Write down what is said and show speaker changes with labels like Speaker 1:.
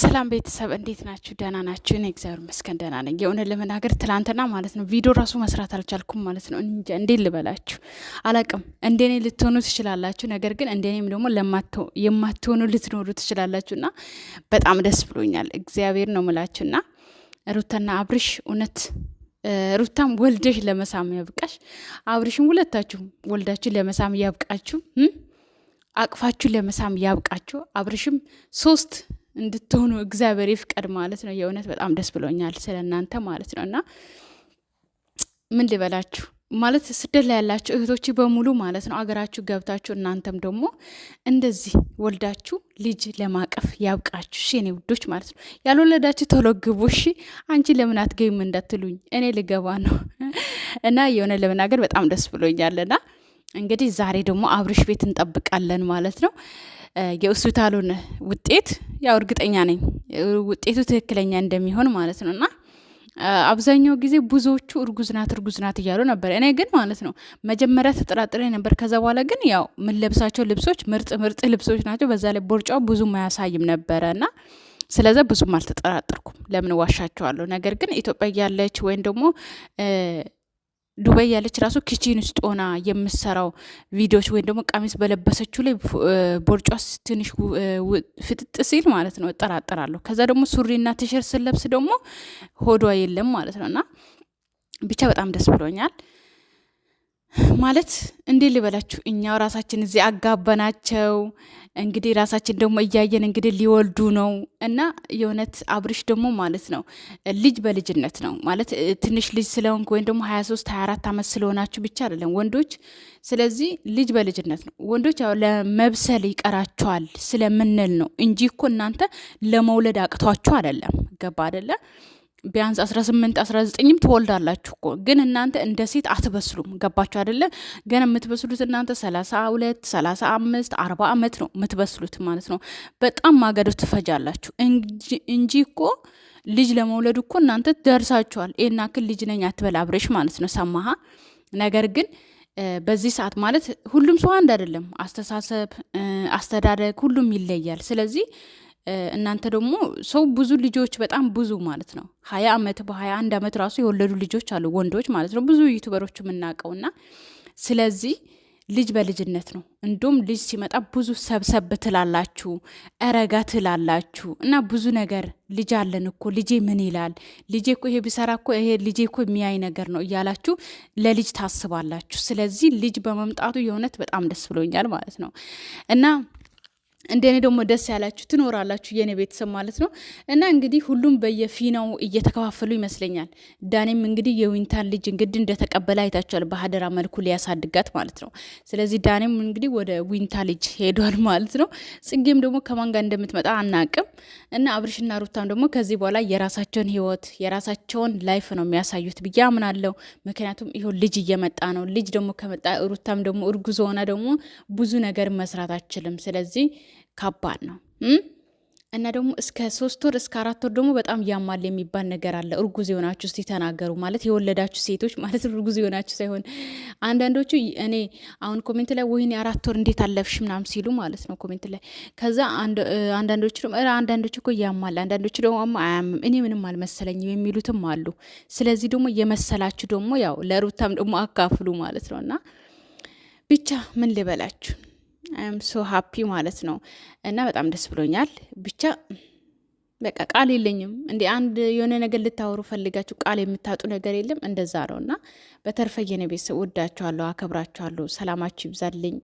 Speaker 1: ሰላም ቤተሰብ እንዴት ናችሁ? ደህና ናችሁ? እኔ እግዚአብሔር ይመስገን ደህና ነኝ። የእውነት ለመናገር ትላንትና ማለት ነው ቪዲዮ ራሱ መስራት አልቻልኩም ማለት ነው። እንጃ እንዴት ልበላችሁ አላቅም። እንደኔ ልትሆኑ ትችላላችሁ፣ ነገር ግን እንደኔም ደግሞ የማትሆኑ ልትኖሩ ትችላላችሁና በጣም ደስ ብሎኛል። እግዚአብሔር ነው ምላችሁና ሩታና አብርሽ እውነት ሩታም ወልደሽ ለመሳም ያብቃሽ፣ አብርሽም ሁለታችሁ ወልዳችሁ ለመሳም ያብቃችሁ፣ አቅፋችሁ ለመሳም ያብቃችሁ። አብርሽም ሶስት እንድትሆኑ እግዚአብሔር ይፍቀድ ማለት ነው። የእውነት በጣም ደስ ብሎኛል ስለ እናንተ ማለት ነው። እና ምን ልበላችሁ ማለት ስደት ላይ ያላችሁ እህቶች በሙሉ ማለት ነው አገራችሁ ገብታችሁ እናንተም ደግሞ እንደዚህ ወልዳችሁ ልጅ ለማቀፍ ያብቃችሁ። እሺ እኔ ውዶች ማለት ነው ያልወለዳችሁ ቶሎ ግቡ። እሺ አንቺ ለምን አትገቢም እንዳትሉኝ እኔ ልገባ ነው እና የሆነ ለመናገር በጣም ደስ ብሎኛልና እንግዲህ ዛሬ ደግሞ አብርሽ ቤት እንጠብቃለን ማለት ነው። የሆስፒታሉን ውጤት ያው እርግጠኛ ነኝ ውጤቱ ትክክለኛ እንደሚሆን ማለት ነው እና አብዛኛው ጊዜ ብዙዎቹ እርጉዝ ናት እርጉዝ ናት እያሉ ነበር። እኔ ግን ማለት ነው መጀመሪያ ተጠራጥሬ ነበር። ከዛ በኋላ ግን ያው የምንለብሳቸው ልብሶች ምርጥ ምርጥ ልብሶች ናቸው። በዛ ላይ ቦርጫው ብዙም አያሳይም ነበረ እና ስለዚ ብዙም አልተጠራጠርኩም። ለምን ዋሻቸዋለሁ? ነገር ግን ኢትዮጵያ ያለች ወይም ደግሞ ዱባይ ያለች ራሱ ኪቺን ውስጥ ሆና የምሰራው ቪዲዮች ወይም ደግሞ ቀሚስ በለበሰችው ላይ ቦርጫስ ትንሽ ፍጥጥ ሲል ማለት ነው እጠራጠራለሁ። ከዛ ደግሞ ሱሪና ቲሸርት ስለብስ ደግሞ ሆዷ የለም ማለት ነው እና ብቻ በጣም ደስ ብሎኛል። ማለት እንዴት ልበላችሁ እኛው ራሳችን እዚህ አጋባናቸው እንግዲህ ራሳችን ደግሞ እያየን እንግዲህ ሊወልዱ ነው እና የእውነት አብርሽ ደግሞ ማለት ነው ልጅ በልጅነት ነው ማለት ትንሽ ልጅ ስለሆንክ ወይም ደግሞ ሀያ ሶስት ሀያ አራት ዓመት ስለሆናችሁ ብቻ አይደለም ወንዶች። ስለዚህ ልጅ በልጅነት ነው ወንዶች ያው ለመብሰል ይቀራችኋል ስለምንል ነው እንጂ እኮ እናንተ ለመውለድ አቅቷችሁ አይደለም። ገባ አይደለም ቢያንስ 18 19ም ትወልዳላችሁ እኮ ግን እናንተ እንደ ሴት አትበስሉም። ገባችሁ አይደለ? ገና የምትበስሉት እናንተ 32 35 40 ዓመት ነው የምትበስሉት ማለት ነው። በጣም ማገዶ ትፈጃላችሁ እንጂ እኮ ልጅ ለመውለድ እኮ እናንተ ደርሳችኋል። ይህና ክል ልጅ ነኝ አትበል ማለት ነው ሰማሃ። ነገር ግን በዚህ ሰዓት ማለት ሁሉም ሰው አንድ አይደለም። አስተሳሰብ፣ አስተዳደግ ሁሉም ይለያል። ስለዚህ እናንተ ደግሞ ሰው ብዙ ልጆች በጣም ብዙ ማለት ነው ሀያ አመት በሀያ አንድ አመት ራሱ የወለዱ ልጆች አሉ ወንዶች ማለት ነው ብዙ ዩቱበሮች የምናውቀውና ስለዚህ ልጅ በልጅነት ነው። እንዲሁም ልጅ ሲመጣ ብዙ ሰብሰብ ትላላችሁ፣ እረጋ ትላላችሁ እና ብዙ ነገር ልጅ አለን እኮ ልጄ ምን ይላል ልጄ እኮ ይሄ ቢሰራ እኮ ይሄ ልጄ እኮ የሚያይ ነገር ነው እያላችሁ ለልጅ ታስባላችሁ። ስለዚህ ልጅ በመምጣቱ የእውነት በጣም ደስ ብሎኛል ማለት ነው እና እንደ እኔ ደግሞ ደስ ያላችሁ ትኖራላችሁ የኔ ቤተሰብ ማለት ነው። እና እንግዲህ ሁሉም በየፊናው እየተከፋፈሉ ይመስለኛል። ዳኔም እንግዲህ የዊንታን ልጅ እንግዲህ እንደተቀበለ አይታችኋል፣ በሀደራ መልኩ ሊያሳድጋት ማለት ነው። ስለዚህ ዳኔም እንግዲህ ወደ ዊንታ ልጅ ሄዷል ማለት ነው። ጽጌም ደግሞ ከማን ጋር እንደምትመጣ አናቅም። እና አብርሽና ሩታም ደግሞ ከዚህ በኋላ የራሳቸውን ህይወት የራሳቸውን ላይፍ ነው የሚያሳዩት ብዬ አምናለሁ። ምክንያቱም ይኸው ልጅ እየመጣ ነው። ልጅ ደግሞ ከመጣ ሩታም ደግሞ እርጉዝ ሆና ደግሞ ብዙ ነገር መስራት አችልም። ስለዚህ ከባድ ነው እና ደግሞ እስከ ሶስት ወር እስከ አራት ወር ደግሞ በጣም ያማል የሚባል ነገር አለ። እርጉዝ የሆናችሁ እስቲ ተናገሩ። ማለት የወለዳችሁ ሴቶች ማለት እርጉዝ የሆናችሁ ሳይሆን አንዳንዶቹ እኔ አሁን ኮሜንት ላይ ወይኔ አራት ወር እንዴት አለፍሽ ምናምን ሲሉ ማለት ነው ኮሜንት ላይ ከዛ አንዳንዶቹ አንዳንዶቹ እኮ ያማል፣ አንዳንዶቹ ደግሞ አያምም፣ እኔ ምንም አልመሰለኝም የሚሉትም አሉ። ስለዚህ ደግሞ የመሰላችሁ ደግሞ ያው ለሩታም ደግሞ አካፍሉ ማለት ነው እና ብቻ ምን ልበላችሁ አም ሶ ሀፒ ማለት ነው። እና በጣም ደስ ብሎኛል። ብቻ በቃ ቃል የለኝም። እንደ አንድ የሆነ ነገር ልታወሩ ፈልጋችሁ ቃል የምታጡ ነገር የለም። እንደዛ ነው እና በተርፈ የኔ ቤተሰብ ወዳችኋለሁ፣ አከብራችኋለሁ። ሰላማችሁ ይብዛልኝ።